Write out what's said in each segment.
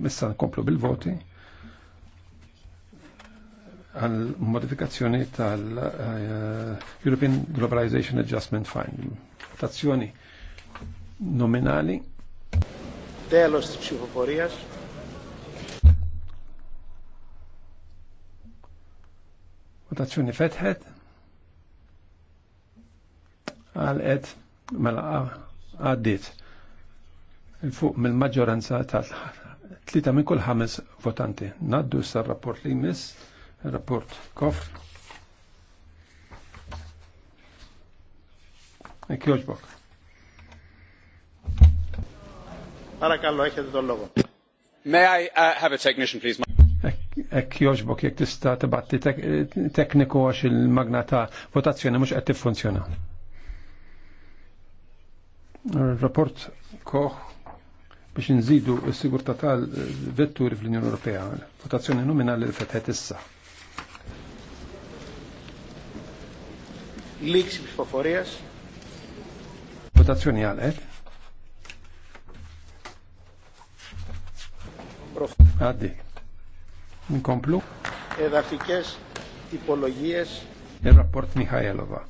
Missa nkomplu bil-voti għal modifikazzjoni tal-European eh, uh, Globalization Adjustment Fund. Votazzjoni nominali. Telos ċifoporijas. Votazzjoni fetħet. Għal ed mela għaddit il-fuq mill-maġġoranza tal ħarra Tlita minn kull ħames votanti. Naddu issa rapport li jmiss, rapport kofr. Ek joġbok. Parakallu, ekħed dollogu. May I uh, have a technician, please? Ek joġbok jek tista tibatti tekniku għax il magna ta' votazzjoni mux għed tiffunzjona. Rapport koħ biex nżidu s sigurta tal-vetturi fl-Unjoni Ewropea. Votazzjoni nominali li fetħet issa. Liks biex faforijas? Votazzjoni għalet. Għaddi. Nkomplu. Edafikes tipologijes. Il-rapport Mihajlova.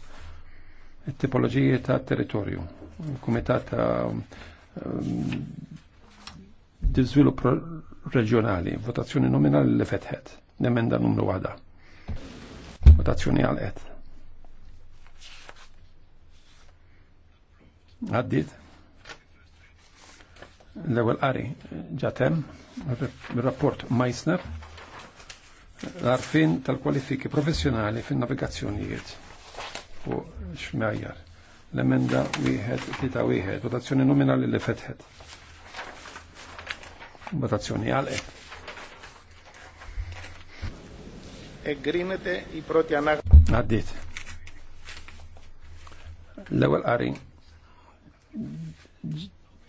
Il-tipologiji ta' territorju. Il-Kumitat ta' um, Dizvilup reġjonali, votazzjoni nominali li fetħet, nemenda numru għada. Votazzjoni għal għed Għaddit. L-ewel qari ġatem, rapport Meissner, l-arfin tal-kwalifiki professjonali fin-navigazzjonijiet u xmajjar. L-emenda wieħed tita wieħed, votazzjoni nominali li fetħet. Votazzjoni għalek. Εγκρίνεται η πρώτη ανάγνωση. Αντίτ. L-ewwel qari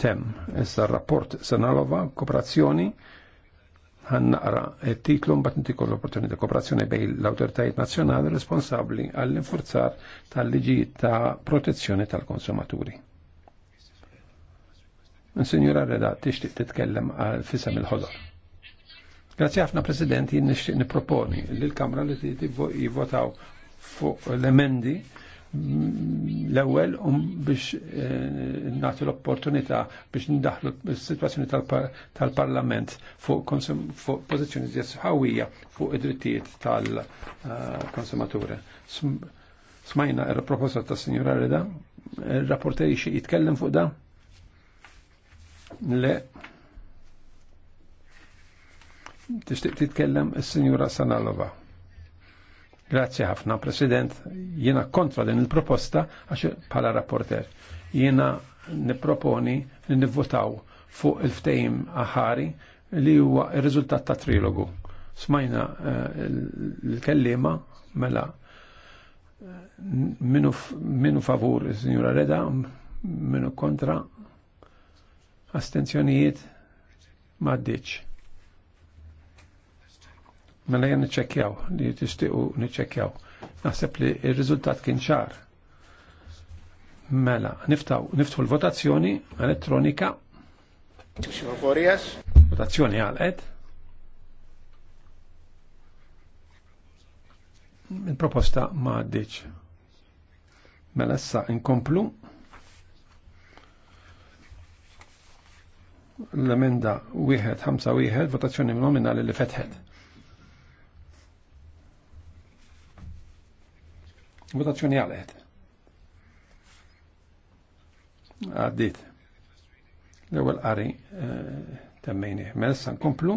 tem issa rapport Sanalova kooperazzjoni għannaqra e titlu mbagħad ntiku l-opportunità kooperazzjoni bejn l-awtoritajiet nazzjonali responsabbli għall-infurzar tal liġi ta' protezzjoni tal-konsumaturi. Signora Reda, tixtieq titkellem għal eh, fisem il-ħodor. Grazzi ħafna President, jien nixtieq nipproponi li l-Kamra li jivvotaw fuq l-emendi mm, l-ewwel um biex eh, nagħtu l-opportunità biex ndaħlu s-sitwazzjoni tal-Parlament fuq pożizzjoni ħawija fuq id-drittijiet tal-konsumaturi. Eh, smajna r-proposta tas-Sinjura Reda, il-rapporteri xi jitkellem fuq da? Le. Tixtieq titkellem is-Sinjura Sanalova. Grazzi ħafna, President. Jiena kontra din il-proposta għax bħala rapporter. Jiena nipproponi li nivvotaw fuq il-ftejim aħari li huwa il riżultat ta' trilogu. Smajna eh, l-kellima mela eh, minu favur is-Sinjura Reda, minu kontra astenzjonijiet maddiċ. Mela jen niċċekjaw, li tixtiqu niċċekjaw. Naħseb li il-riżultat kien ċar. Mela, niftaw, niftħu l-votazzjoni elettronika. Votazzjoni għal-ed. il-proposta ma għaddiċ. Mela issa inkomplu l-emenda 1-5-1, votazzjoni nominali li fetħed. Votazzjoni għalet. Għaddit. L-ewel qari eh, temmejni. Melissa nkomplu.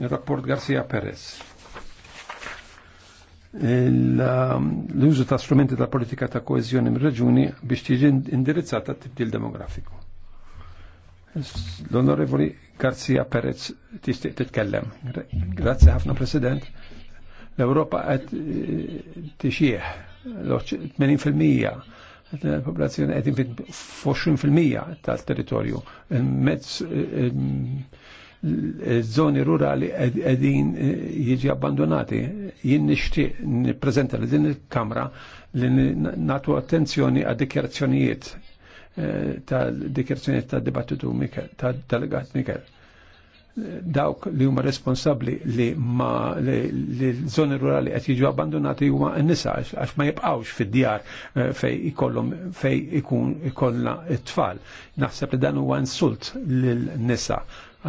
Il-rapport Garcia Perez. Um, l-użu ta' strumenti ta' politika ta' koezjoni mir-reġuni biex tiġi indirizzata t-tibdil demografiku. L-Onorevoli Garzia Perez tistiq titkellem. Grazie ħafna President. L-Europa qed l 80% il-popolazzjoni qed infit 20% tal-territorju. Mezz żoni eh, eh, rurali qegħdin eh, jiġi abbandonati. Jien nixtieq nippreżenta li din il-Kamra li natu attenzjoni għad dikjarazzjonijiet tal-dikjerzjoni tal-dibattitu tal-delegat Mikel. Dawk li huma responsabli li ma li l-żoni rurali qed jiġu abbandonati huma n-nisa għax ma jibqgħux fid-djar eh, fej ikollhom fej ikun ikollna t-tfal. Naħseb li dan huwa insult lil-nisa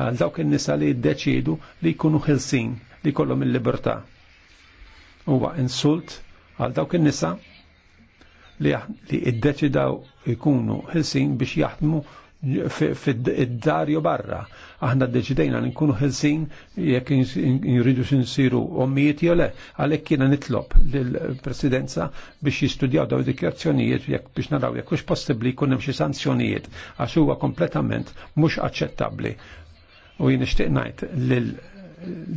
għal dawk in-nisa li jiddeċiedu li jkunu ħilsin li kollhom il-libertà. Huwa insult għal dawk in-nisa li iddeċidaw ikunu ħilsin biex jaħdmu fid-dar jo barra. Aħna deċidejna li nkunu ħelsin jekk jridu sinsiru ommijiet jew le, għalhekk kiena nitlob lill-Presidenza biex jistudjaw daw dikjazzjonijiet jekk biex naraw jekk hux possibbli jkun hemm xi sanzjonijiet għax huwa kompletament mhux aċċettabbli. U jien nixtieq ngħid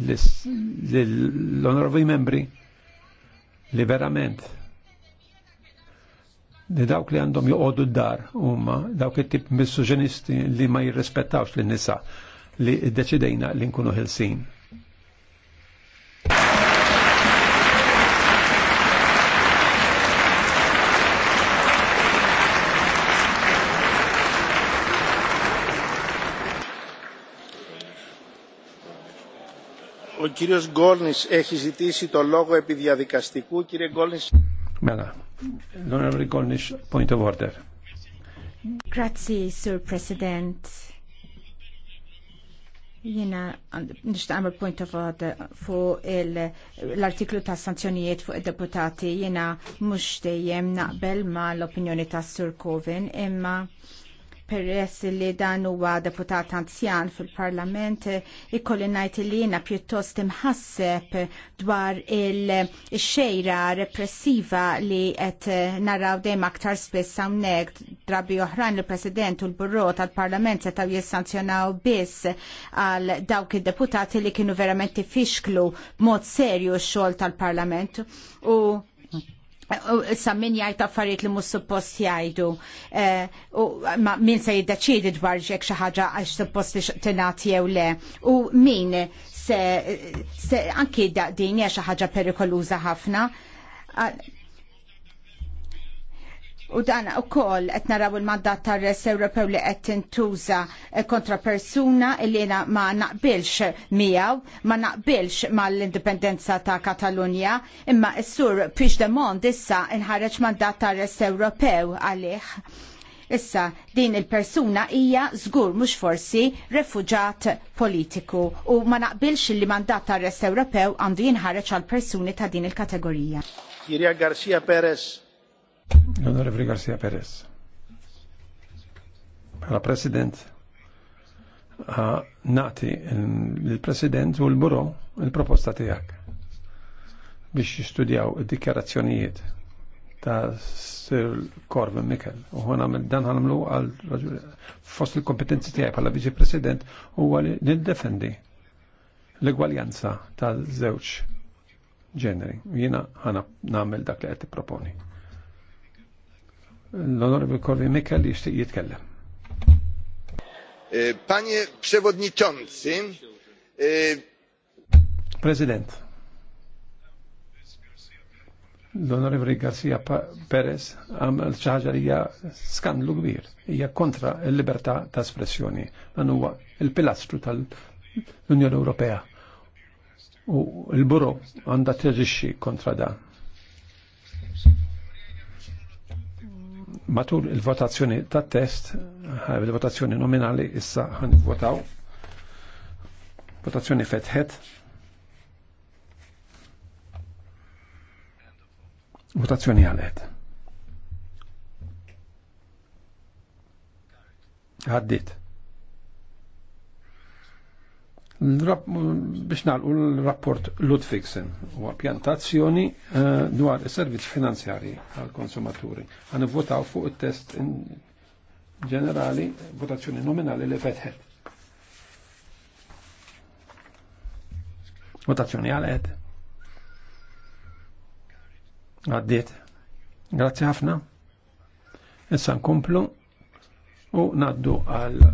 lill-onorevoli membri li verament li dawk li għandhom joqodu d-dar umma dawk it-tip missuġenisti li ma jirrespettawx lin-nisa li deċidejna li nkunu ħilsin. Ο κύριος Γκόλνης έχει ζητήσει το λόγο επί διαδικαστικού. Κύριε Γκόλνης. Μέλα. L-Onorevoli Golnish, point of order. Grazie, Sir President. Jena, nishta għamil point of order fu l-artiklu ta' sanzjonijiet fuq il-deputati. Jena mux dejjem naqbel ma' l-opinjoni ta' Sir Coven, imma peress li dan huwa deputat anzjan fil-Parlament ikolli ngħid li jiena pjuttost imħasseb dwar il-xejra repressiva li qed naraw dejjem aktar spiss hawnhekk drabi oħrajn il-President u l-Burro tal-Parlament setgħu jissanzjonaw biss għal dawk id-deputati li kienu verament ifixklu b'mod serju x-xogħol tal-Parlament u Eh, issa min jgħid affarijiet li mhux suppost jgħidu eh, min se jiddeċiedi dwar xek xi ħaġa għax suppost li tingħati jew le u min se, anke din hija xi ħaġa perikoluża ħafna ah, U dan u kol, et naraw il-mandat tar res Ewropew li qed tintuża eh, kontra persuna il jena ma naqbilx miegħu, ma naqbilx mal-indipendenza ta' Katalunja, imma s-sur Puigdemont issa inħareġ mandat tar res Ewropew għalih. Issa din il-persuna hija żgur mhux forsi refugġat politiku u ma naqbilx li mandat tar res Ewropew għandu jinħareġ għal persuni ta' din il-kategorija. Kirja Garcia Perez Onorevoli Garcia Perez. Bħala President, nati il-President u l-Buro il-proposta tijak biex jistudjaw id-dikjarazzjonijiet ta' Sir Corvin Mikkel U għana dan għanamlu għal fost il-kompetenzi tijaj bħala Vice President u għali nil-defendi l-egwaljanza ta' zewċ ġeneri. Jina għana namel dak li għetti proponi. L-Onorevoli Korvi Mikkel jixtieq jitkellem. Eh, panie Przewodniczący, eh, President. L-Onorevoli Garcia Perez għam l ċaħġa li hija skandlu kbir, hija kontra l-libertà ta' espressjoni, dan huwa il-pilastru tal-Unjoni Ewropea. U l-Buro għandha teġixxi kontra dan Matul il-votazzjoni tat test, il-votazzjoni nominali issa ħan votaw. Votazzjoni fetħet. Votazzjoni għalet. Għaddit biex nalqu l-rapport Ludfixen u pjantazzjoni eh, dwar is-servizz finanzjari għal konsumaturi. Għan votaw fuq il-test ġenerali, votazzjoni nominali li fetħet. Votazzjoni għal-ed. Għaddiet. Grazzi ħafna. Issa nkomplu u naddu għal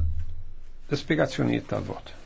l tal-vot.